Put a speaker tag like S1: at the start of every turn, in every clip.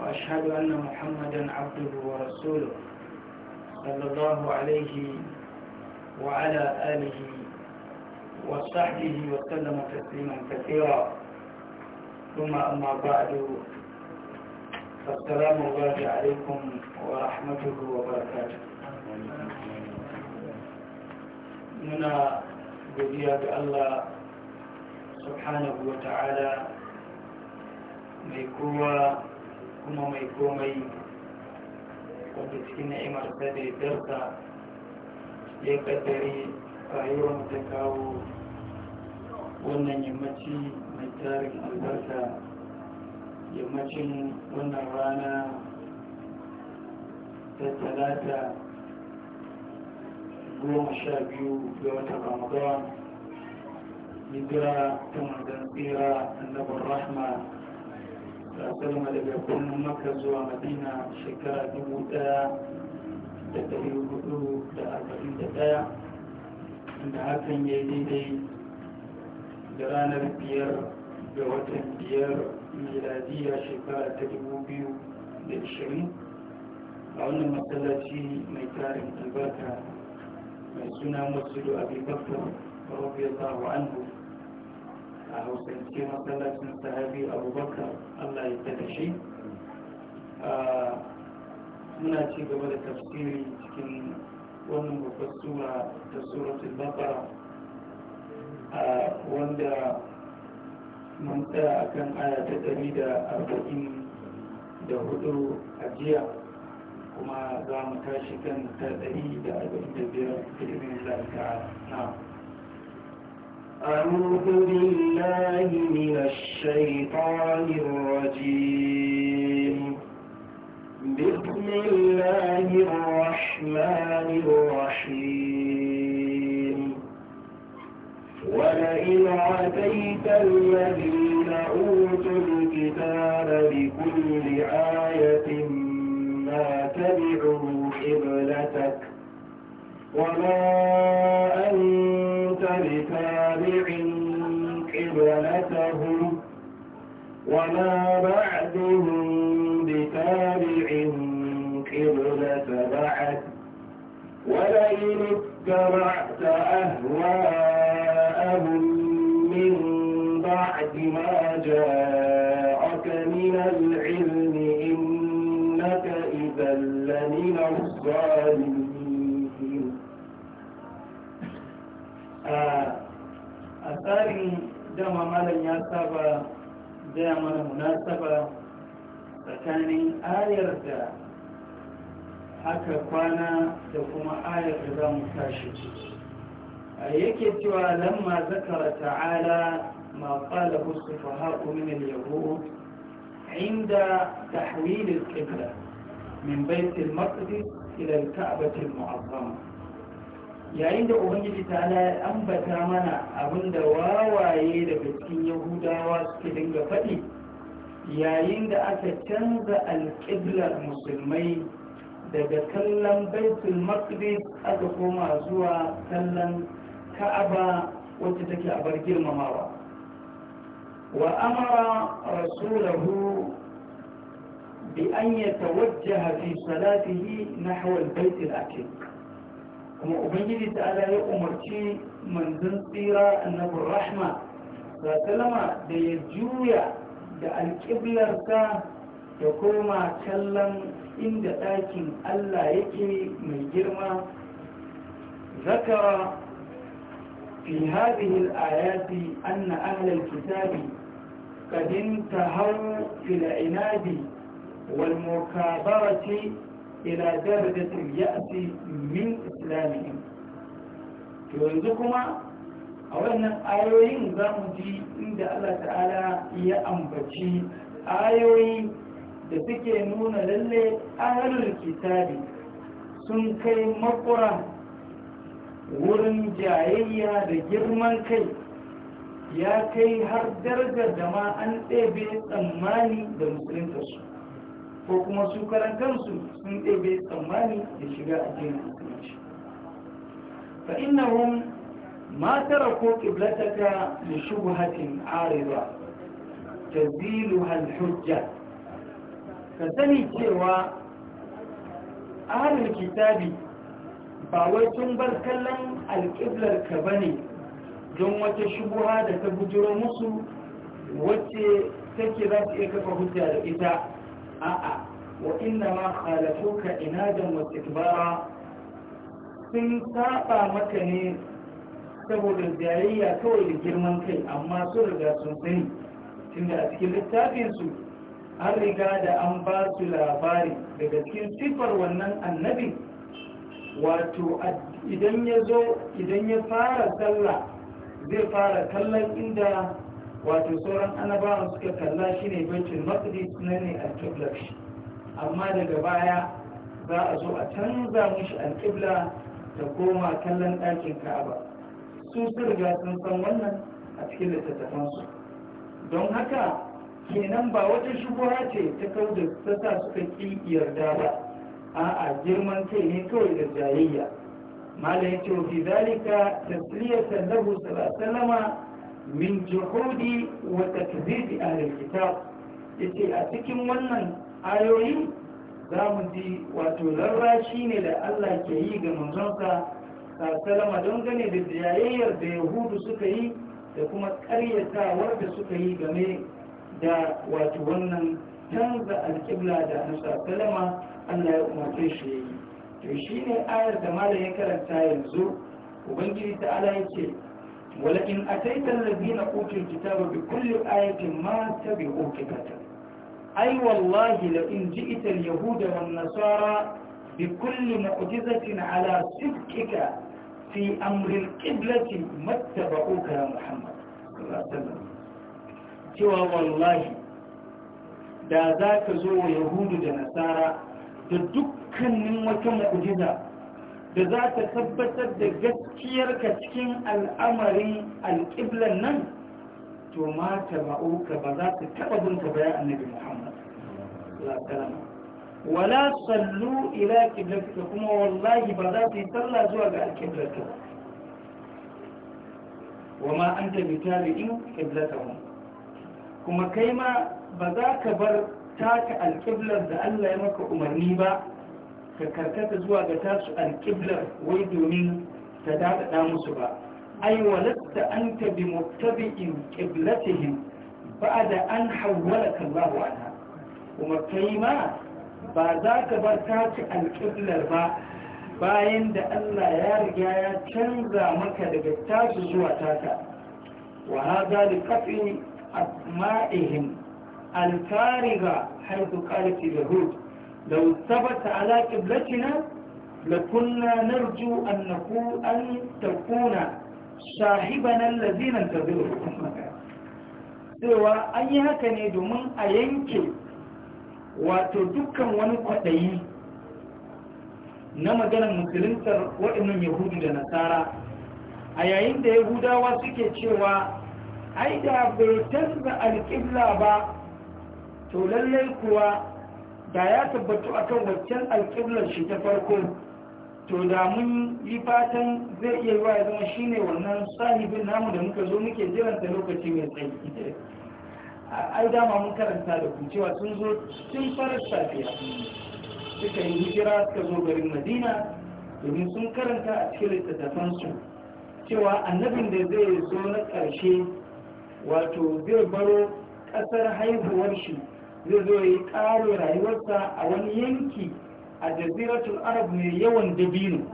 S1: وأشهد أن محمدا عبده ورسوله صلى الله عليه وعلى آله وصحبه وسلم تسليما كثيرا ثم أما بعد فالسلام الله عليكم ورحمته وبركاته muna godiya الله سبحانه وتعالى wa kuma mai komai wanda cikin na'imar ta da darta ya kaddare rayuwar mu ta kawo wannan yammaci mai tarin albarka yammacin wannan rana ta talata
S2: goma sha biyu ga wata ramadan hijira
S1: ta magana tsira annabar rahma salama daga birnin maka zuwa madina shekara dubu daya da dari hudu da arba'in da daya da hakan ya yi daidai da ranar biyar ga watan biyar miladiya shekara ta dubu biyu da ishirin a wannan matsalaci mai tarin albarka mai suna masu da abubakar rabbi allahu anhu a hausance masallacin sahabi abubakar allah ya tada shi muna ci gaba da tafsiri cikin wannan babbar sura ta suratul baqara wanda mun tsaya akan aya ta ɗari da arba'in da hudu a jiya kuma za mu tashi kan ta ɗari da arba'in da biyar ilimin lafiya na أعوذ
S2: بالله من الشيطان الرجيم بسم الله الرحمن الرحيم ولئن عتيت الذين أوتوا الكتاب بكل آية ما تبعوا حبلتك وما وما بعدهم بتابع قبلة بعد ولئن اتبعت أهواءهم من بعد ما جاءك من العلم إنك إذا لمن الظالمين
S1: أثاري دم مالا يا سبا قدام ولا مناسبة فكاني آية رجاء حكى قانا دفما آية رجاء مكاشف أيك يتوى لما ذكر تعالى ما قاله السفهاء من اليهود عند تحويل القبلة من بيت المقدس إلى الكعبة المعظمة yayin da ubangiji ta ya ambata mana abin da wawaye daga cikin yahudawa suke dinga faɗi yayin da aka canza alƙiblar musulmai daga kallon baitul maqdis aka koma zuwa kallon ka'aba wacce take a bar girmamawa wa amara rasulahu bi an yatawajjaha fi salatihi nahwa al-bait al kuma ubangiji ta ala ya umarci manzon tsira annabi rahma sallama da ya juya da alƙiblarsa ya koma kallon inda ɗakin allah yake mai girma zakara ayati هذه الآيات kitabi أهل الكتاب قد انتهوا في العناد والمكابرة ila darajatil ya'si min islamihim to yanzu kuma a wannan ayoyin za mu ji inda Allah ta'ala ya ambaci ayoyi da suke nuna lallai ahlul kitabi sun kai makura wurin jayayya da girman kai ya kai har darajar da ma an ɗebe tsammani da musulunta ko kuma su karan kansu sun ɗebe tsammani da shiga addinin musulunci fa innahum ma taraku da shubu hatin arewa ta zilu halhujja ka sani cewa ahlul kitabi ba wai tun bar kallon alƙiblar ka ba ne don wata shubuha da ta bujiro musu wacce take za su iya kafa hujja da ita a'a wa inna ma khalafuka inadan wa istikbara sun saba maka ne saboda jayayya kawai da girman kai amma su riga sun sani tunda a cikin littafin su an riga da an ba su labari daga cikin sifar wannan annabi wato idan ya zo idan ya fara sallah zai fara kallon inda wato sauran annabawan suka kalla shi ne baitul maqdis na ne alƙiblar shi amma daga baya za a zo a canza mushi alƙibla ta koma kallon ɗakin ka'aba su sun riga sun san wannan a cikin littattafansu don haka kenan ba wata shubuha ce ta kau da ta sa suka ƙi yarda ba a'a girman kai ne kawai da jayayya mala ya ce wa fi zalika tasliyatan lahu sallallahu alaihi min juhudi wa takzibi ahlul kitab yace a cikin wannan ayoyi za mu ji wato rarrashi ne da Allah ke yi ga sasalama salama gane da jayayyar da yahudu suka yi da kuma karyatawar da suka yi game da wato wannan canza alƙibla da ansa salama Allah ya umarce shi ya yi to shine ayar da malam ya karanta yanzu ubangiji ta ala ya ce ولكن أتيت الذين أوتوا الكتاب بكل آية ما تبعوا كتابك أي والله لئن جئت اليهود والنصارى بكل معجزة على صدقك في أمر القبلة ما اتبعوك يا محمد صلى الله عليه وسلم سوى والله da za ka zo wa yahudu da nasara da dukkanin wata mu'jiza da za ta tabbatar da gaskiyarka cikin al'amarin alƙiblan nan to ma taba'uka ba za ta taɓa bunta baya annabi muhammad wala sallu ila kiblatika kuma wallahi ba za su yi sallah zuwa ga alkiblatika wa ma an tabi tabi'in kiblatahum kuma kai ma ba za ka bar taka alkiblar da Allah ya maka umarni ba ka karkata zuwa ga tasu alƙiblar wai domin ta daɗaɗa musu ba ai walatta an ta bi muktabi'in ƙiblatihim ba da an hawwala kallahu anha kuma kai ma ba za ka bar tasu alƙiblar ba bayan da Allah ya riga ya canza maka daga tasu zuwa tata. wa hada li qat'i asma'ihim al-fariga haythu qalat yahud لو ثبت على قبلتنا لكنا نرجو أن نكون أن تكون صاحبنا الذي ننتظره cewa an yi haka ne domin a yanke wato dukkan wani kwaɗayi na maganar musuluntar waɗannan yahudu da nasara a yayin da yahudawa suke cewa ai da bai canza alƙibla ba to lallai kuwa da ya tabbatu akan waccan alƙiblar shi ta farko to da mun yi fatan zai iya yiwa ya zama shine wannan sahibin namu da muka zo muke ta lokaci mai a ai dama mun karanta da cewa sun zo sun farar safiya suka yi hijira suka zo garin madina domin sun karanta a cikin littattafansu cewa annabin da zai zo na ƙarshe wato zai baro ƙasar haihuwar shi zai zo ya karo rayuwarsa a wani yanki a jaziratul arab mai yawan dabino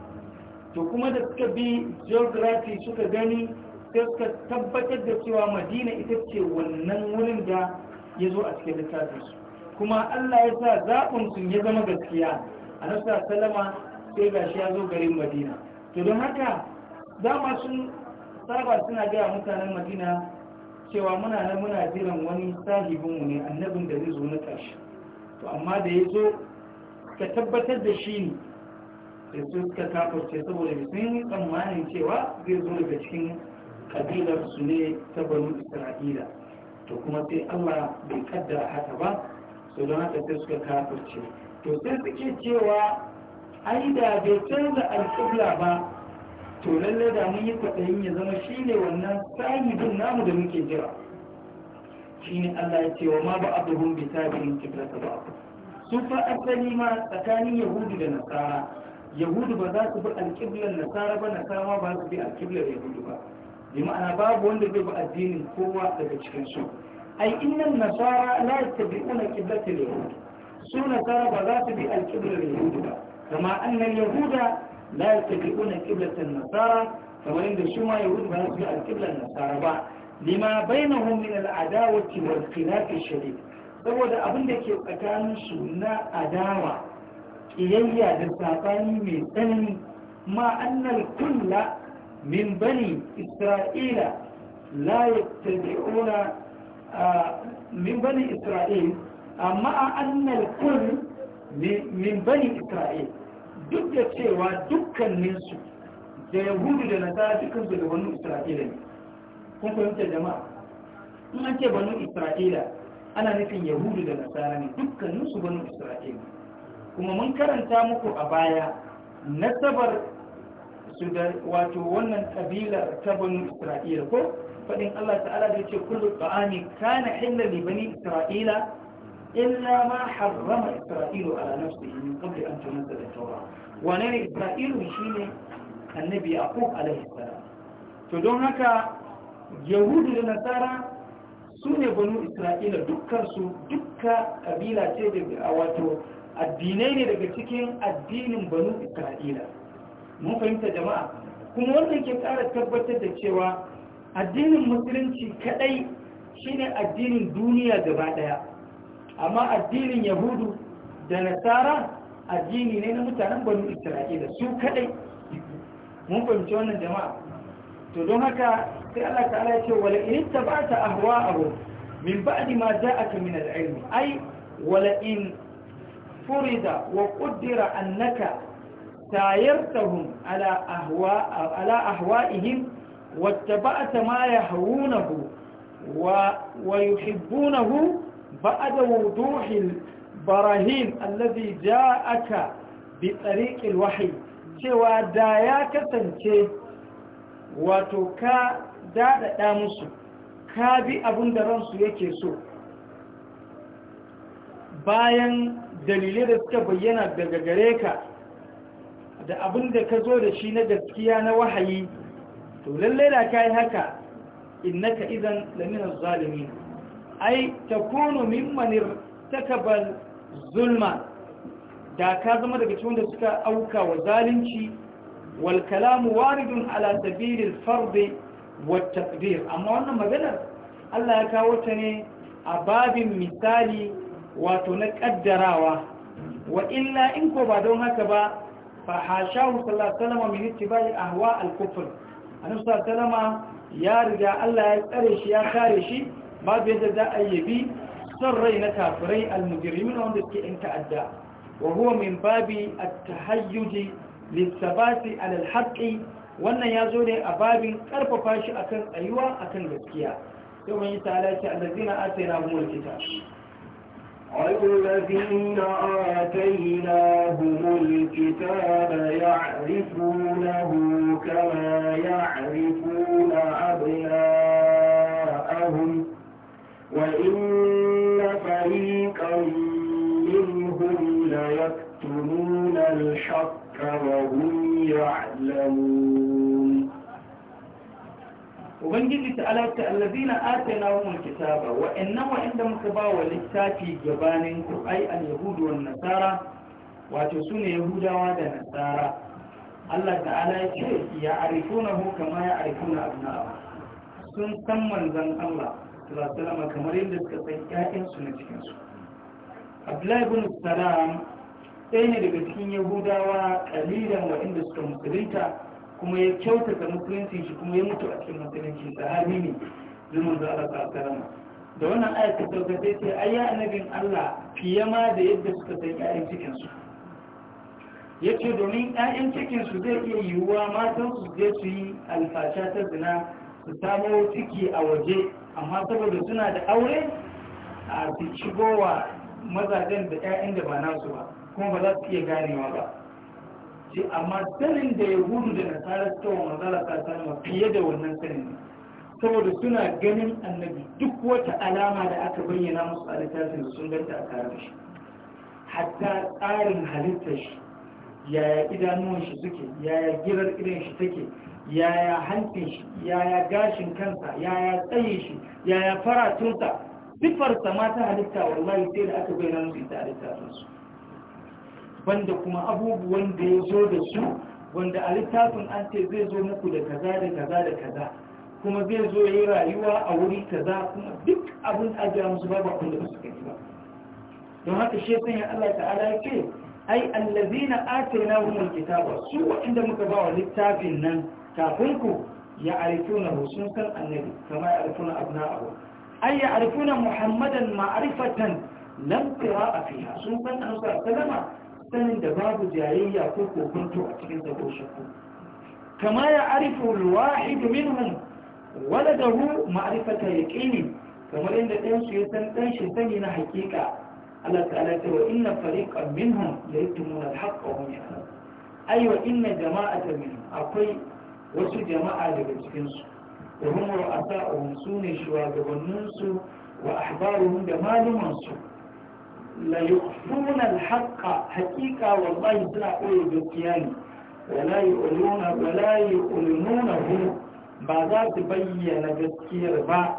S1: to kuma da suka bi geography suka gani sai suka tabbatar da cewa madina ita ce wannan wurin da ya zo a cikin littafinsu kuma allah ya sa su ya zama gaskiya a nasa salama sai gashi ya zo garin madina to don haka dama sun saba suna gaya mutanen madina cewa muna nan muna jiran wani sahibinmu ne annabin da zai zo na ƙarshe to amma da ya zo ka tabbatar da shi ne da su suka kafarce saboda sun yi tsammanin cewa zai zo daga cikin kabilar su ne ta banu isra'ila to kuma sai allah bai kaddara haka ba su don haka sai suka kafarce to sai suke cewa ai da bai canza alƙibla ba to lalle da mun yi kwaɗayin ya zama shi ne wannan sahibin namu da muke jira shi ne Allah ya ce wa ma ba abubuwan bi tabirin kiblata ba su fa asali ma tsakanin yahudu da nasara yahudu ba za su bi alƙiblar nasara ba nasara ba su bi alƙiblar yahudu ba bi ma'ana babu wanda zai bi addinin kowa daga cikin su ai innan nasara la yattabi'una qiblatal yahud su nasara ba za su bi alƙiblar Yahudu ba kama annal yahuda la yattabi'una qiblatan nasara kamar yadda su ma yahudu ba su ga qiblan nasara ba lima bainahum min al-adawati wal khilaf shadid saboda abin da ke tsakanin su na adawa kiyayya da sabani mai tsanani ma annal kulla min bani isra'ila la yattabi'una min bani isra'il amma annal min isra'il duk da cewa dukkaninsu da yahudu da nasara dukansu da banu isra'ila ne kun fahimtar jama'a in an ce banu isra'ila ana nufin yahudu da nasara ne dukkaninsu banu isra'ila kuma mun karanta muku a baya nasabar su da wato wannan kabilar ta banu isra'ila ko faɗin allah ta'ala da ce kullu ta'ami kana illa li bani isra'ila إلا ما حرم إسرائيل على نفسه من قبل أن تنزل التوراة ونرى إسرائيل شين النبي يعقوب عليه السلام تدون هكا يهود النصارى سنة بنو إسرائيل دكر سو دكا قبيلة تيدي أواتو addinai ne daga cikin addinin banu isra'ila mun fahimta jama'a kuma wannan ke kara tabbatar da cewa addinin musulunci kadai shine addinin duniya gaba ɗaya. amma addinin yahudu da nasara addini ne na mutanen banu isra'ila su kadai mun fahimci wannan jama'a to don haka sai Allah ta'ala ya ce wala in tabata ahwa'ahu min ba'di ma ja'aka min al-ilm ai wala in furida wa qaddara annaka tayartahum ala ahwa ala ahwa'ihim wattaba'ta ma yahawunahu wa wa yuhibbunahu بعد وضوح البراهين الذي جاءك بطريق الوحي cewa da ya kasance wato ka daɗaɗa musu ka bi abin da ransu yake so bayan dalilai da suka bayyana daga gare ka da abin da ka zo da shi na gaskiya na wahayi to lallai da ka yi haka innaka idan laminar zalimin ai takunu mimman takabar zulma da ka zama daga cikin da suka auka wa zalunci wal kalamu waridun ala sabilil fard wa taqdir amma wannan maganar Allah ya kawo ta ne a babin misali wato na kaddarawa wa illa in ko ba don haka ba fa hashahu sallallahu alaihi wasallam min ittiba'i ahwa al-kufr annabi sallallahu alaihi wasallam ya riga Allah ya tsare shi ya kare shi ما بيدا دا أيبي سرّي نتافري المجرمين عندك إنك أدى وهو من باب التهيج للثبات على الحق وأن يزولي أباب قرب فاش أكن أيوة أكن بسكيا ثم يتعالى الذين آتناهم الكتاب الذين
S2: آتيناهم الكتاب يعرفونه كما يعرفون أبناءهم وإن فريقا منهم ليكتمون الحق وهم
S1: يعلمون وبنجد تألك الذين آتناهم الكتاب وإنما عند مكبا ولساتي جبان أي اليهود والنصارى وتسون يهودا ونصارى الله تعالى يعرفونه كما يعرفون أبناءه sun san manzan salama kamar yadda suka san ƴaƴansu na cikinsu abdullahi bin salam ɗaya ne daga cikin yahudawa ƙalilan waɗanda suka musulunta kuma ya kyautata musulunci shi kuma ya mutu a cikin musulunci sahabi ne zumun da Allah salama da wannan ayat ta sauka sai ce ai ya annabin Allah fiye ma da yadda suka san ƴaƴan cikinsu ya ce domin ƴaƴan cikinsu zai iya yiwuwa su zai su yi alfasha ta zina su samo ciki a waje amma saboda suna da aure a su wa mazajen da ƴaƴan da ba nasu ba kuma ba za su iya ganewa ba ce amma sanin da ya gudu da nasara suka wa manzala ta sama fiye da wannan sanin ne saboda suna ganin annabi duk wata alama da aka bayyana musu a littafin sun ganta a tare shi hatta tsarin halittar shi yaya idanuwan shi suke yaya girar idan shi take yaya hancin shi yaya gashin kansa yaya tsaye shi yaya faratunsa siffarsa ma ta halitta wallahi sai da aka bayyana musu ita halitta su banda kuma abubuwan da ya zo da su wanda a littafin an ce zai zo muku da kaza da kaza da kaza kuma zai zo yi rayuwa a wuri kaza kuma duk abin ajiya musu babu abin da ba su kai ba don haka shi sanya Allah ta'ala ya ce ai allazina atayna alkitaba kitaba su wanda muka ba wa littafin nan kafin ku ya arifuna sun san annabi kama ya arifuna abna'ahu ay ya arifuna muhammadan ma'rifatan lam a fiha sun san annabi sallama sanin da babu jayayya ko kokunto a cikin da shakku kama ya arifu alwahid minhum waladahu ma'rifata yaqini kamar inda ɗan su ya san ɗan shi sani na hakika Allah ta'ala ta wa inna fariqan minhum la yaktumuna al-haqqa wa hum ya'lamun ay wa inna jama'atan minhum akwai wasu jama'a daga cikinsu da a ra'asa'uhum su ne shugabanninsu wa ahbaruhum da malumansu la yukhfuna haƙa haƙiƙa wa wallahi suna koyi gaskiya ne wala yu'luna wala ba za su bayyana gaskiyar ba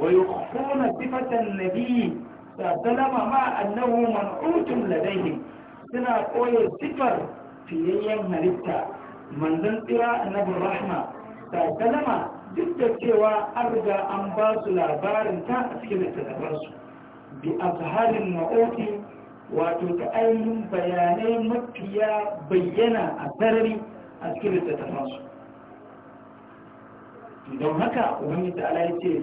S1: wa yukhfuna sifatan nabiy sallama ma annahu man'utun ladayhim suna koyi sifar fiyayyen halitta manzon tsira na rahma ta kalama duk da cewa an riga an ba su labarin ta a cikin littattafansu bi azharin ma'oki wato ta ainihin bayanai mafiya bayyana a sarari a cikin littattafansu don haka wani ta'ala ya ce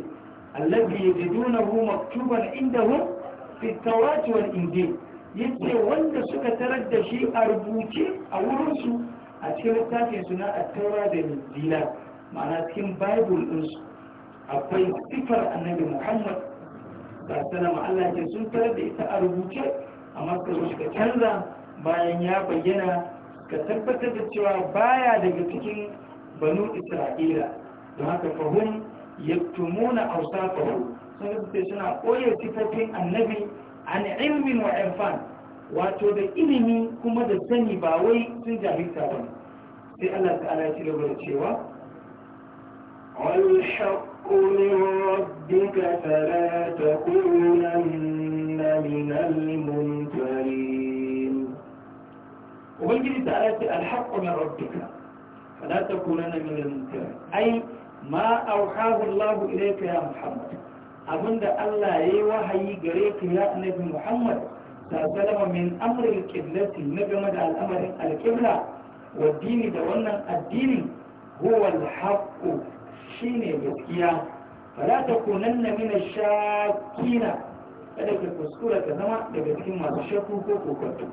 S1: allazi yajidunahu maktuban indahum fi tawati wal ya yace wanda suka tarar da shi a rubuce a wurinsu a cikin littafin suna a taura da injila ma'ana cikin bible din su akwai sifar annabi muhammad da sallama Allah ke sun tarar da ita a rubuce a ka zo ka canza bayan ya bayyana ka tabbatar da cewa baya daga cikin banu isra'ila don haka fahim ya tumuna wasa fahim sun rubuce suna koyar sifofin annabi an ilmin wa fan wato da ilimi kuma da sani ba wai sun jahilta ba sai Allah ta'ala ya ci gaba da cewa
S2: والحق من ربك فلا تكونن من الممترين
S1: وبالجد تعالى الحق من ربك فلا تكونن من الممترين أي ما أوحاه الله إليك يا محمد أبن الله يوحي قريك يا نبي محمد sallama min amrin qiblati na game da al'amarin alqibla wa dini da wannan addini huwa al shine gaskiya fala takunanna min ash-shakina kada ka kuskura ka zama daga cikin masu shakku ko kokonto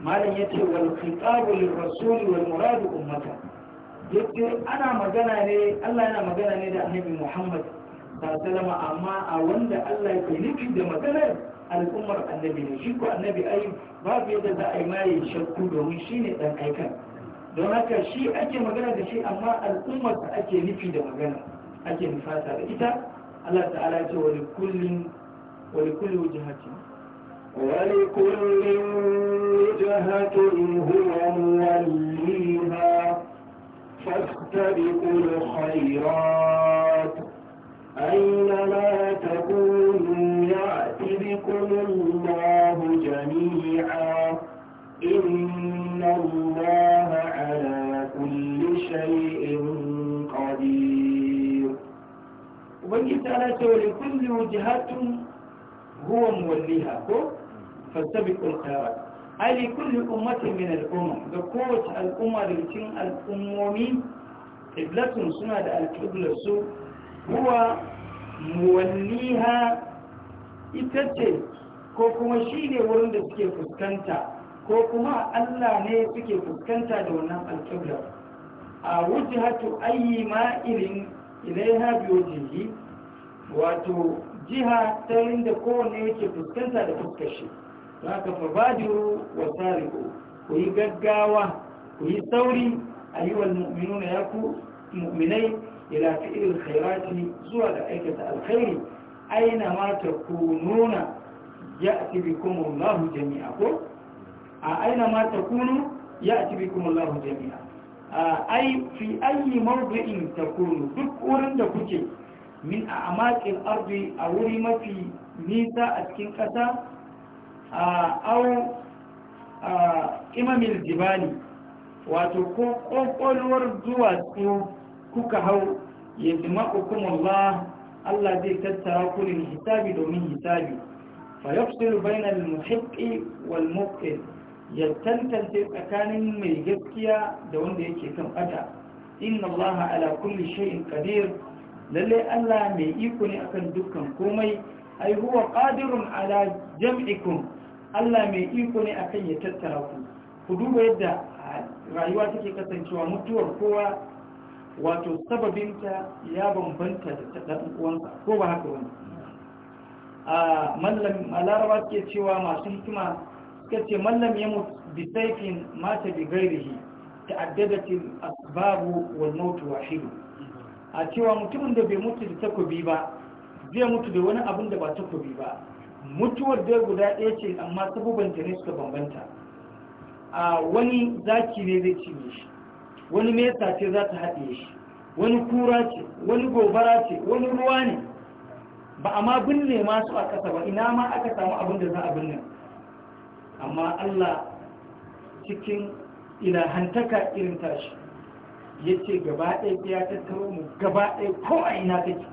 S1: malam yace wal khitabu lir rasul wal murad ummata yace ana magana ne Allah yana magana ne da annabi Muhammad salama amma a wanda Allah ya nufi da maganar al'ummar annabi ne shi ko annabi ba babu yadda za a yi maye shakku domin shi ne dan aikan don haka shi ake magana da shi amma al'ummar da ake nufi da magana ake nufata da ita Allah ta'ala ce wa likullin wa likulli wajhatin wa
S2: likullin wajhatin huwa muwalliha fastabiqul khairat أينما تكونوا يأت بكم الله جميعا إن الله على كل
S1: شيء قدير وبنجي تعالى لكل وجهة هو موليها فاستبقوا الخيرات أي لكل أمة من الأمم بقوة الأمة لكن الأمومين قبلتهم سنة القبلة سوء huwa muwalliha ita ce ko kuma shi ne wurin da suke fuskanta ko kuma Allah ne suke fuskanta da wannan alƙibla a wuce wujhatu ayyi ma'ilin ilaiha bi wato jiha ta da kowanne yake fuskanta da fuskar za ka fabadiru wa sariku ku yi gaggawa ku yi sauri ayyuwal mu'minuna ya mu'minai ila fi'il khairati zuwa ga aikata alkhairi aina ma takununa ya'ti bikum Allahu jami'a ko a aina ma takunu ya'ti bikum Allahu jami'a ai fi ayi mawdi'in takunu duk wurin da kuke min a'maqil ardi a wuri mafi nisa a cikin ƙasa a au wato ko kokolwar duwatsu kuka hau ya jima hukumullah Allah zai tattara kulin hisabi domin hisabi fa yafsilu bainal wal mubtil ya tantance tsakanin mai gaskiya da wanda yake kan bata inna Allah ala kulli shay'in kadir. Lallai Allah mai iko ne akan dukkan komai ai huwa qadirun ala jam'ikum Allah mai iko ne akan ya tattara ku ku duba yadda rayuwa take kasancewa mutuwar kowa wato sababinta ya bambanta da ɗan uwansa ko ba haka wani a mallam malarwa ke cewa masu hikima suka ce mallam ya mutu bi saifin mata bi gairihi ta'addadatil asbabu wal mautu wahidu a cewa mutumin da bai mutu da takobi ba zai mutu da wani abin da ba takobi ba mutuwar da guda ɗaya ce amma sabubanta ne suka bambanta a wani zaki ne zai cinye shi wani mesa ce za ta haɗe shi wani kura ce wani gobara ce wani ruwa ne ba a ma binne masu a ƙasa ba ina ma aka samu abin da za a binne amma Allah cikin ilahantaka irin tashi ya ce gaba ɗaya ya tattaro mu gaba ɗaya ko a ina kake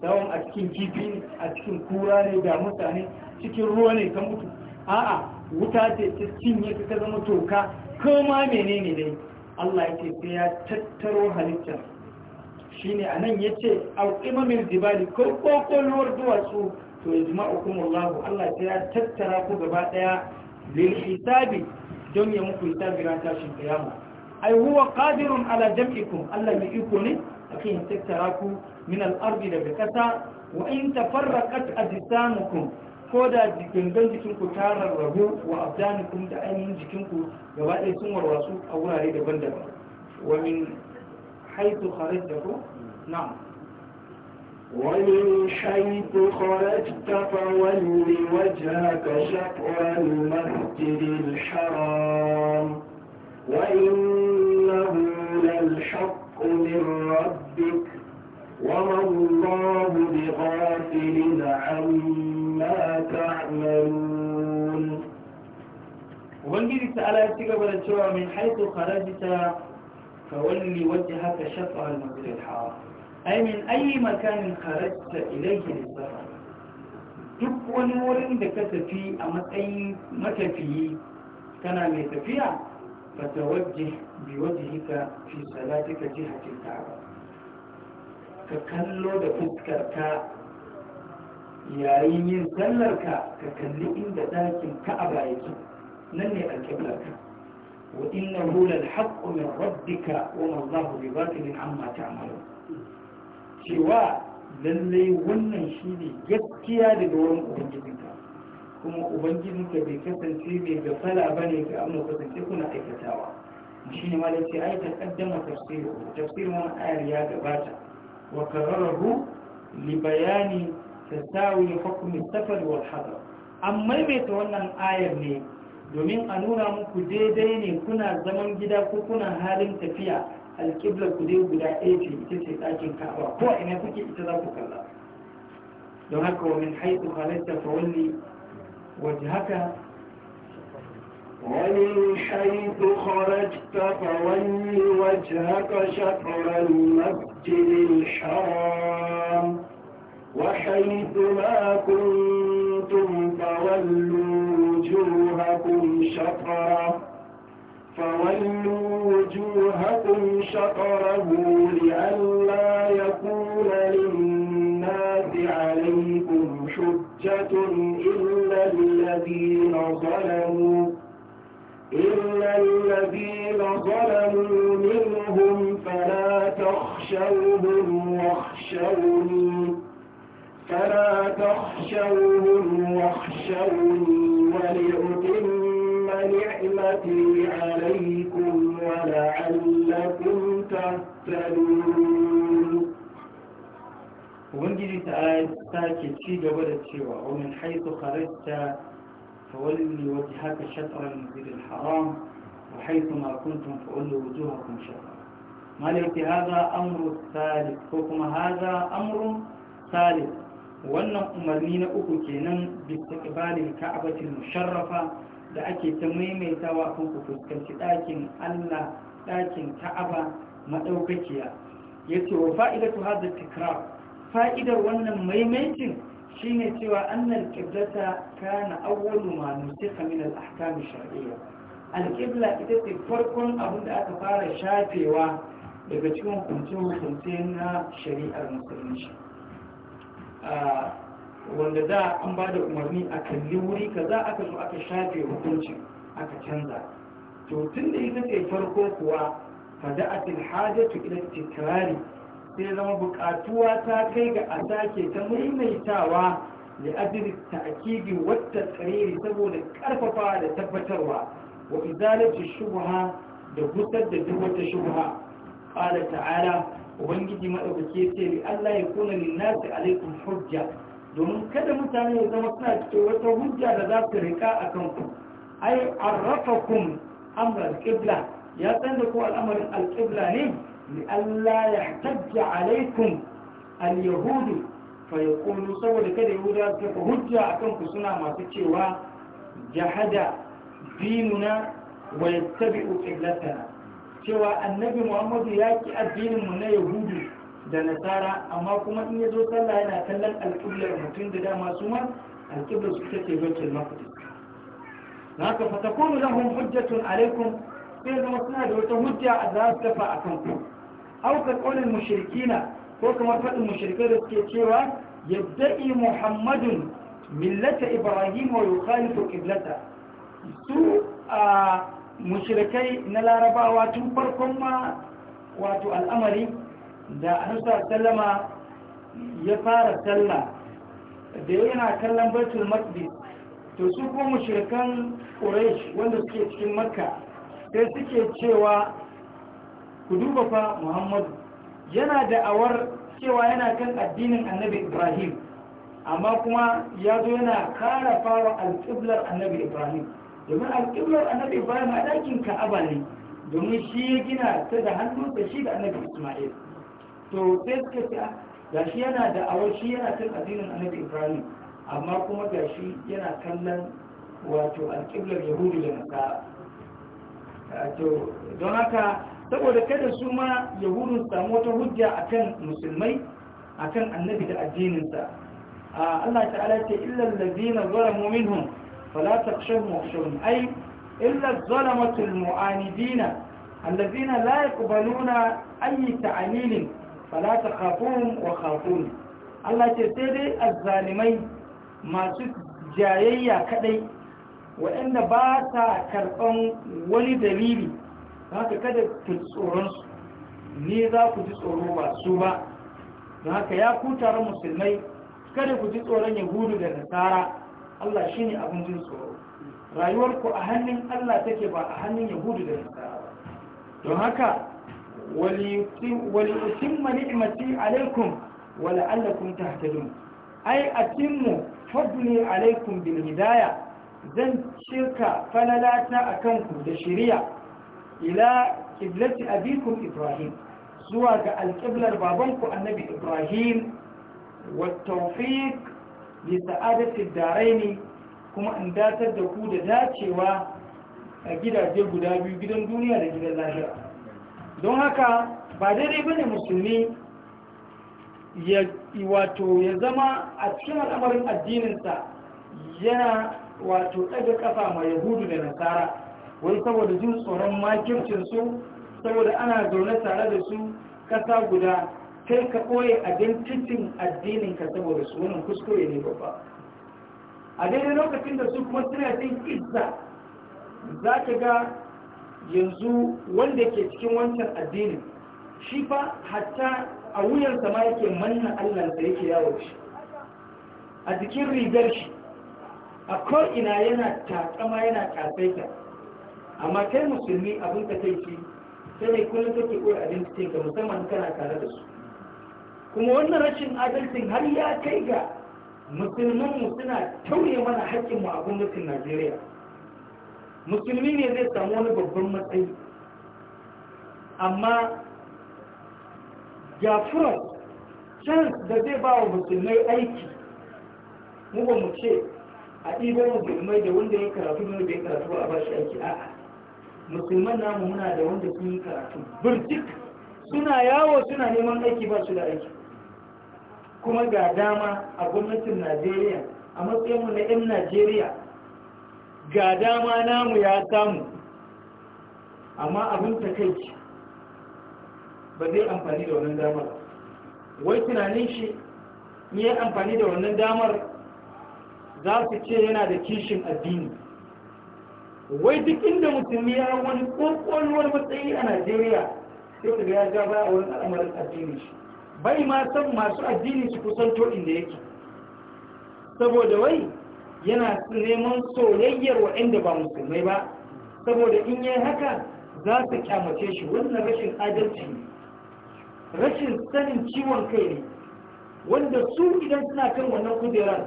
S1: tsawon a cikin kifi ne a cikin kura ne da mutane cikin ruwa ne ta mutu a'a wuta ce ta cinye ka zama toka ko ma menene dai Allah yake sai ya tattaro halittar shine anan yace au imamil jibali ko kokoluwar duwatsu to yajma'ukum Allah Allah sai ya tattara ku gaba daya lil hisabi don ya muku hisabi ran tashin kiyama ai huwa qadirun ala jam'ikum Allah mai iko ne akan ya tattara ku min al-ardi daga kasa wa in tafarraqat ajsamukum ko da gangan jikinku ta rarrabu wa abdanikum da ainihin jikinku gaba ɗaya sun warwasu a wurare daban-daban wa min haitu kharaj da ku na'am ومن حيث
S2: خرجت فول وجهك شطر المسجد الحرام وإنه للحق من ربك وما الله بغافل عما عما تعملون
S1: وبنجي تعالى يتيجا بلتشوى من حيث خرجت فولي وجهك شطر المسجد الحرام أي من أي مكان خرجت إليه للسفر duk wani wurin da ka tafi a matsayin matafiyi kana mai tafiya fata wajje bi wajhika fi salatika jihatil ka'aba ka kallo da fuskarka yayin yin sallar ka ka kalli inda ɗakin ka'aba yake nan ne alƙiblarka wa inna hulal haqqu min rabbika wa ma Allahu bi batilin amma ta'malu cewa lallai wannan shine gaskiya daga wurin ubangijinka kuma ubangijinka bai kasance mai gafala bane ga amma kasance kuna aikatawa shine ma da sai ai kaddama tafsiru tafsirin wannan ayar ya gabata wa kararru li bayani tasawi hukumin safar wal hadar an maimaita wannan ayar ne domin a nuna muku daidai ne kuna zaman gida ko kuna halin tafiya alƙiblar ku dai guda ɗaya ce ita ce ɗakin ka'aba ko ina kuke ita za ku kalla don haka wa min haitu halatta fa walli wajhaka
S2: ومن حيث خرجت فول وجهك شطر المسجد الحرام وحيث ما كنتم فولوا وجوهكم شطرة فولوا وجوهكم شطره لئلا يكون للناس عليكم حجة إلا الذين ظلموا إلا الذين ظلموا منهم فلا تخشوهم واخشوني فلا تخشوهم واخشوني ولأتم نعمتي عليكم ولعلكم
S1: تهتدون Ubangiji ta ke في gaba da ومن حيث خرجت فولي وجهك شطر المسجد الحرام وحيث ما كنتم فولوا وجوهكم شطرا. ما ليت هذا أمر ثالث وكما هذا أمر ثالث wannan umarni na uku kenan bistiqbalil ka'batil musharrafa da ake ta maimaitawa kan ku fuskanci ɗakin Allah ɗakin Ka'aba Ya ce wa fa'idatu hadha tikrar fa'idar wannan maimaitin shine cewa annal qiblata kana awwalu ma nusikha min al ahkam shar'iyya al ita ce farkon abin da aka fara shafewa daga cikin hukunce-hukunce na shari'ar musulunci wanda za an ba da umarni a kalli wuri ka za aka zo aka shafe hukuncin aka canza to tun da ita ce farko kuwa fada'atil hajatu ila tikrari sai zama bukatuwa ta kai ga a sake ta maimaitawa da ajiri ta'kidi wata tsariri saboda karfafa da tabbatarwa wa izalati shubha da gusar da duk wata shubha qala ta'ala ubangiji ya ce li Allah ya kuna lin alaikum hujja domin kada mutane ya zama suna cikin wata hujja da za su rika a kanku ai arrafakum amral qibla ya san da ko al'amarin alqibla ne li Allah ya hajja alaikum al-yahudi fa yaqulu saboda kada yahuda su hujja a kanku suna masu cewa jahada dinuna wa yattabi'u qiblatana cewa annabi muhammadu ya ki addinin mu na yahudu da nasara amma kuma in ya zo sallah yana kallon alƙiblar mutum da dama su ma alƙiblar su ta ce bacin mafudin na haka fata kunu lahum hujjatun alaikum sai zama suna da wata hujja a za su a kanku au ka ƙaunin mushrikina ko kamar faɗin mushrikai da suke cewa yadda'i muhammadun millata ibrahim wa yukhalifu qiblata su a Mushirikai na larabawa tun farkon ma wato al'amari da hausa sallama ya fara sallah da yana kallon baitul maqdis to su mushirikan mushrikan quraish wanda suke cikin makka sai suke cewa ku duba fa muhammadu yana da awar cewa yana kan addinin annabi ibrahim amma kuma ya zo yana kara fara alƙiblar annabi ibrahim domin alƙiblar annabi ibrahim a ɗakin ka'aba ne domin shi ya gina ta da hannunsa shi da annabi ismail to sai suka ce ah, ga shi yana da awar shi yana kan addinin annabi ibrahim amma kuma ga shi yana kallon wato alƙiblar yahudu da nasa ah, to don haka saboda kada su ma yahudun samu wata hujja akan musulmai akan annabi da addininsa ah, Allah ta'ala ce illal ladina zalamu minhum فلا تخشوهم واخشون أي إلا الظلمة المعاندين الذين لا aminin. أي تعليل فلا تخافوهم وخافون Allah ce sai dai azzalimai masu jayayya kaɗai waɗanda ba sa karɓan wani dalili haka kada ku tsoronsu ni za ku ji tsoro ba su ba don haka ya ku taron musulmai kada ku ji tsoron yahudu da nasara Allah shi ne abin jin tsoro rayuwarku a hannun Allah take ba a hannun yahudu da nasara don haka waliyutin mani imati alaikum wala allakun ta hatadun ai a cimmu fadli alaikum bin hidaya zan cika falalata a kanku da shirya ila kiblati abikun ibrahim zuwa ga alƙiblar babanku annabi ibrahim wa tawfiq bi sa'adatin daraini kuma in datar da ku da dacewa a gidaje guda biyu gidan duniya da gidan lahira don haka ba daidai bane musulmi ya wato ya zama a cikin al'amarin addininsa yana wato ɗaga ƙafa ma yahudu da nasara wai saboda jin tsoron makircinsu saboda ana zaune tare da su ƙasa guda kai ka koye identitin addinin ka saboda su wannan kuskure ne babba a daidai lokacin da su kuma suna jin izza za ka ga yanzu wanda ke cikin wancan addinin shi fa hatta a wuyan sama yake manna allansa yake yawo shi a jikin rigar shi a ko'ina yana takama yana kasaita amma kai musulmi abin ka kai shi sai kuma kullum kake koyi identitin ka musamman kana tare da su kuma wannan rashin adalcin har ya kai ga mu suna tauye mana mu a gwamnatin najeriya musulmi ne zai samu wani babban matsayi amma jafuran can da zai ba wa musulmai aiki mu ba mu ce a ɗibo musulmai da wanda ya karatu ne da ya karatu ba a ba shi aiki a'a musulman namu muna da wanda sun yi karatu birtik suna yawo suna neman aiki ba su da aiki kuma ga dama a gwamnatin najeriya a matsayinmu na 'yan najeriya ga dama namu ya samu amma abin takaici ba zai amfani da wannan damar wai tunanin shi yi amfani da wannan damar za su ce yana da kishin addini wai duk inda mutum ya wani kokon matsayi a najeriya sai ka ga ya gaba baya a wurin al'amarin addini shi bai ma san masu addini su kusanto inda yake saboda wai yana neman soyayyar waɗanda ba musulmai ba saboda in yi haka za su kyamace shi wannan rashin adalci ne rashin sanin ciwon kai ne wanda su idan suna kan wannan kujerar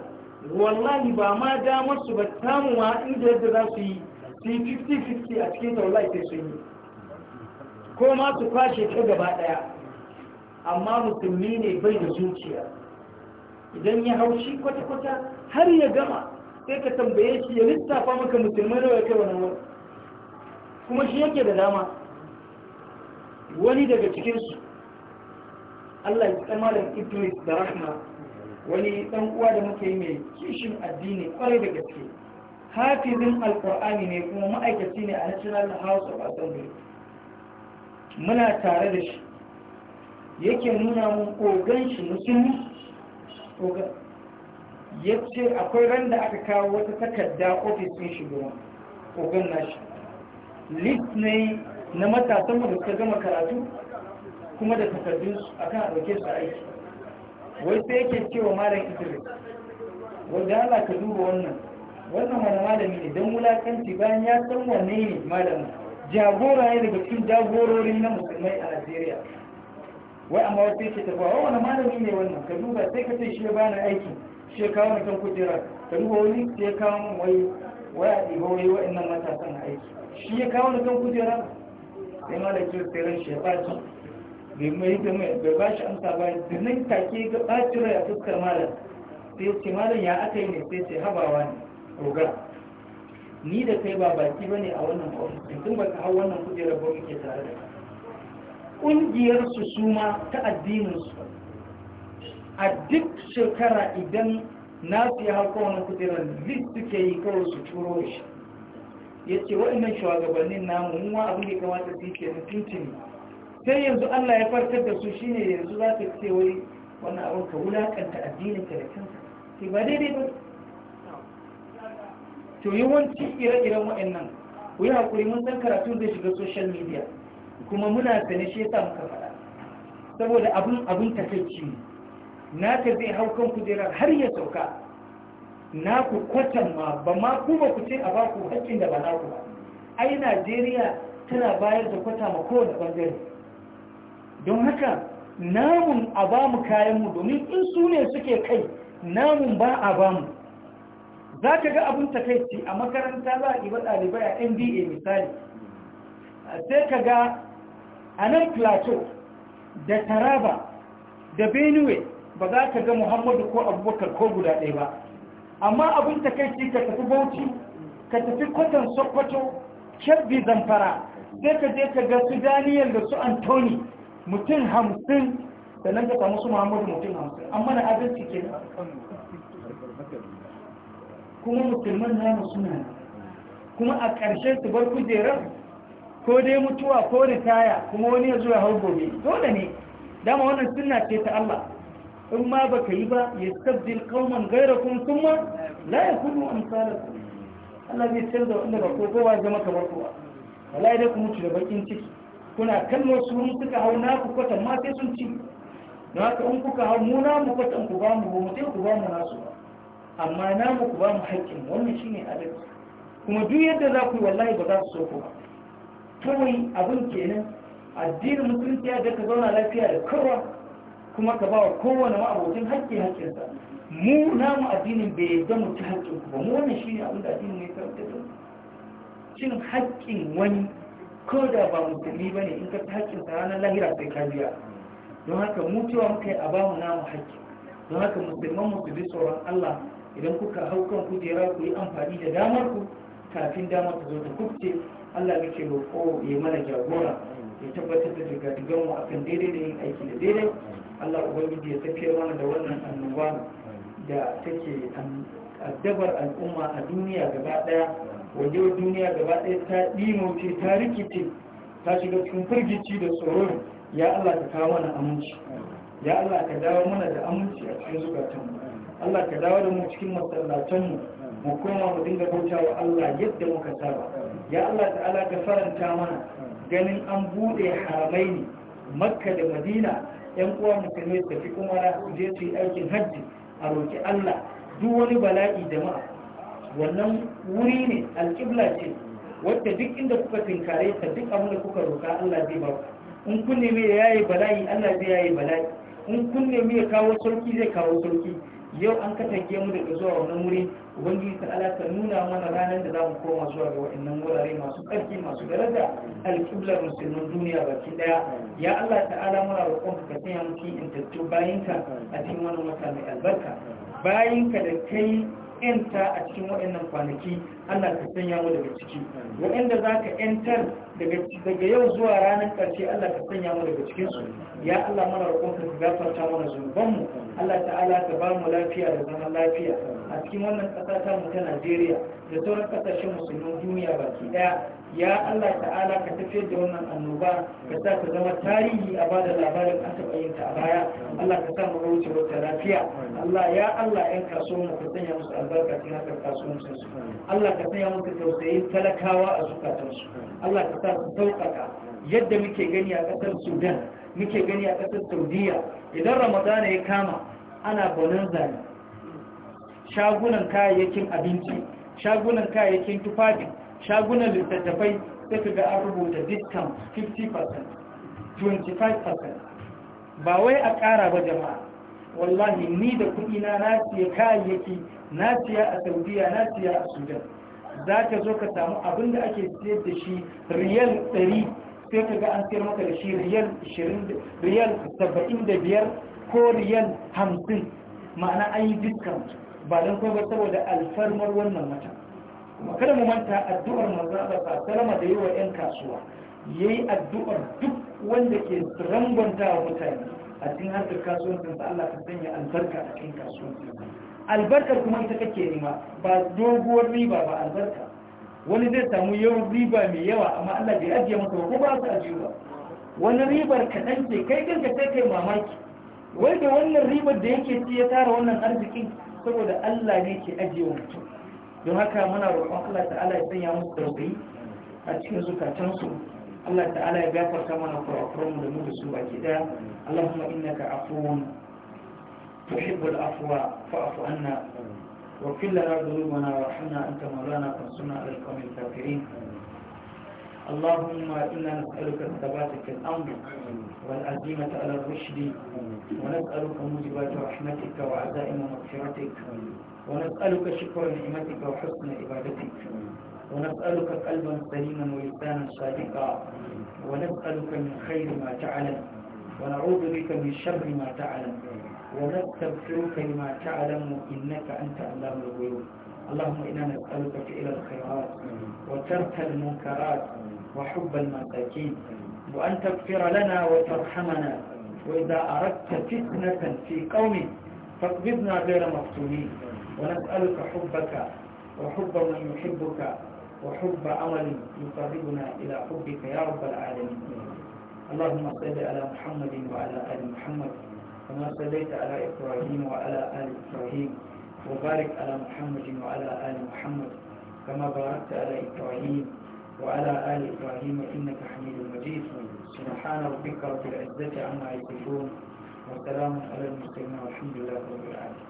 S1: wallahi ba ma damar su ba tamuwa inda yadda za su yi su yi 50-50 a cikin taulai sai sun yi ko ma su kwashe ta gaba ɗaya amma musulmi ne bai da zuciya idan ya haushi kwata-kwata har ya gama sai ka tambaye shi ya lissafa maka musulmai da ya kai wani wani kuma shi yake da dama wani daga cikinsu Allah ya tsama da Idris da Rahma wani dan uwa da muke yi mai kishin addini kwarai da gaske hafizin alkur'ani ne kuma ma'aikaci ne a National House of Assembly muna tare da shi yake nuna mun kogon shi musulmi ya ce akwai ran da aka kawo wata takarda ofis sun shigo kogon nashi list ne na matasan mu da suka gama karatu kuma da takardun su akan kan ɗauke su aiki wai sai yake cewa malam idris wanda ana ka duba wannan wannan wani malami ne don wulakanci bayan ya san wanne ne malamin jagora ne daga cikin jagororin na musulmai a najeriya wai amma wata yake tafiya wa wani malami ne wannan ka duba sai ka ce shi ya bani aiki shi ya kawo mutum kujera ka duba wani sai ya kawo wai wai a ɗiba wai wa'annan matasan aiki shi ya kawo mutum kujera sai malam ce sai ran shi ya baci bai mai da mai bai ba shi amsa ba da nan take ga ɓacin rai a fuskar malam sai ce malam ya aka yi ne sai ce habawa ne roga ni da kai ba baki ba ne a wannan ofis tun ba ka hau wannan kujerar ba muke tare da ka ƙungiyarsu su ma ta addininsu a duk shekara idan na fi hauka wani kudirar list suke yi kawai su turo shi ya ce waɗannan shugabannin namu muwa abin da kamata su ke na tuntuni sai yanzu allah ya farkar da su shine yanzu za ta ce wai wani abin ka wulaƙanta addinin ka da kanka ke ba daidai ba to yawanci ire-iren waɗannan ku yi haƙuri mun san karatun zai shiga social media kuma muna sani shi yasa muka saboda abin abin takaici naka zai hau kan kujerar har ya sauka na ku kwatan ma ba ma ku ku ce a ba ku haƙƙin da ba na ku ba ai Najeriya tana bayar da kwata ma kowane bangare don haka namun a ba mu kayan mu domin in su ne suke kai namun ba a ba mu za ka ga abin takaici a makaranta za a ba ɗalibai a nba misali sai ka ga a nan plateau da taraba da benue ba za ka ga muhammadu ko abubakar ko guda ɗaya ba amma abin ta kai ka tafi bauchi ka tafi kwatan sokoto kebbi zamfara sai ka je ka ga su daniel da su antoni mutum hamsin da nan ka samu su muhammadu mutum hamsin amma na adalci ke kuma musulman namu suna kuma a ƙarshen su bar kujerar ko dai mutuwa ko ritaya kuma wani ya zo ya hau gobe dole ne dama wannan sunna ce ta Allah in ma baka yi ba ya sabdil qauman ghayrakum thumma la yakunu amsalakum Allah zai canza wanda ba ko kowa zama kamar kowa wallahi dai ku mutu da bakin ciki kuna kallo su mun suka hau na ku kwatan ma sai sun ci don haka in kuka hau mu na mu kwatan ku ba mu mu ku ba mu nasu amma na mu ku ba mu haƙƙin wannan shine adalci kuma duk yadda za ku yi wallahi ba za su so ku ba kawai abin kenan addinin musulunci ya ga ka zauna lafiya da kowa kuma ka ba wa kowane ma'abokin haƙƙi haƙƙinsa mu namu addinin bai yadda mu ci haƙƙin ku ba mu wannan shine abin da addinin ya karanta da cin haƙƙin wani ko da ba musulmi ba ne in ka ta haƙƙin sa ranar lahira sai ka biya don haka mu cewa muka yi a ba mu namu haƙƙi don haka musulman mu su bi tsoron Allah idan kuka hau kan kujera ku yi amfani da damar ku kafin damar ku zo ta kubce Allah muke roƙo ya mana jagora ya tabbatar da jirgatigan mu akan daidai da yin aiki da daidai Allah ubangiji ya tafiyar mana da wannan annoba da take addabar al'umma a duniya gaba daya wajen duniya gaba daya ta ce, ta rikice ta shiga cikin firgici da tsoro ya Allah ka kawo mana aminci ya Allah ka dawo mana da aminci a cikin zukatanmu Allah ka dawo da mu cikin masallatanmu mu koma mu dinga bauta wa Allah yadda muka saba ya Allah ta'ala ka faranta mana ganin an bude haramai ne makka da madina yan uwa musulmi da tafi kuma na je su yi aikin hajji a roki Allah duk wani bala'i jama'a wannan wuri ne alƙibla ce wadda duk inda kuka tinkare ta duk abin kuka roka Allah zai ba in kun nemi ya yayi bala'i Allah zai yayi bala'i in kun nemi ya kawo sauki zai kawo sauki yau an kasance mu daga zuwa wannan wuri ubangiji ta ala nuna mana ranar da za mu koma zuwa ga wa'annan wurare masu ƙarfi masu daraja alƙiblar musulmin duniya baki ɗaya ya allah ta'ala muna roƙon ka sanya mu cikin intattu bayinka a cikin wannan wata mai albarka bayinka da kai yanta a cikin waɗannan kwanaki Allah ka sanya mu daga ciki waɗanda za ka yantar daga yau zuwa ranar ƙarshe Allah ka sanya mu daga cikin su ya Allah mana rukunka ka gafarta mana zunubanmu Allah ta'ala ka ba mu lafiya da zaman lafiya a cikin wannan ƙasa ta mu ta Najeriya da sauran ƙasashen musulmin duniya baki ɗaya ya Allah ta'ala ka tafiyar da wannan annoba ka sa ta zama tarihi a bada labarin an taɓa yin ta a baya Allah ka sa mu wuce wata lafiya Allah ya Allah ƴan kasuwan ka sanya musu albarka cikin harkar kasuwancin su Allah ka sanya musu tausayin talakawa a su Allah ka sa su sauƙaƙa yadda muke gani a ƙasar Sudan muke gani a ƙasar Saudiya idan Ramadana ya kama ana bonanza ne shagunan kayayyakin abinci shagunan kayayyakin tufafi shagunan littattafai sai ka ga an rubuta discount 50% 25% ba wai a ƙara ba jama'a wallahi ni da kuɗi na siya kayayyaki na a saudiya na siya a sudan za ka zo ka samu abin da ake siyar da shi riyal 100 sai ka ga an siyar maka da shi riyal 75 ko riyal hamsin ma'ana an yi discount ba don kai ba saboda alfarmar wannan wata kuma kada mu manta addu'ar manzo Allah sallama da yawa yan kasuwa yayi addu'ar duk wanda ke rangwanta wa mutane a cikin harkar kasuwancin sa Allah ka sanya albarka a cikin kasuwancin albarkar kuma ita kake nema ba doguwar riba ba albarka wani zai samu yawan riba mai yawa amma Allah bai ajiye masa ko ba su ajiye ba wani ribar kaɗan ce kai kanka sai kai mamaki wanda wannan ribar da yake ci ya tara wannan arzikin saboda Allah ne ke ajiyewa mutum don haka muna roƙon Allah ta'ala ya sanya musu tausayi a cikin zukatansu Allah ta'ala ya gafarta mana kurakuran da mu da su baki daya Allahumma innaka afuwun tuhibbul afwa fa'fu anna wa kullu rabbuna dhunubana warhamna anta mawlana fansurna 'alal qawmil kafirin اللهم إنا نسألك الثبات في الأمر والعزيمة على الرشد ونسألك موجبات رحمتك وعزائم مغفرتك ونسألك شكر نعمتك وحسن عبادتك ونسألك قلبا سليما ولسانا صادقا ونسألك من خير ما تعلم ونعوذ بك من شر ما تعلم ونستغفرك لما تعلم إنك أنت علام الغيوب اللهم إنا نسألك فعل الخيرات وترك المنكرات وحب المساكين وأن تغفر لنا وترحمنا وإذا أردت فتنة في قوم فاقبضنا غير مفتونين ونسألك حبك وحب من يحبك وحب أمل يقربنا إلى حبك يا رب العالمين اللهم صل على محمد وعلى آل محمد كما صليت على إبراهيم وعلى آل إبراهيم وبارك على محمد وعلى آل محمد كما باركت على إبراهيم وعلى آل إبراهيم إنك حميد مجيد سبحان ربك رب العزة عما يصفون وسلام على المسلمين والحمد لله رب العالمين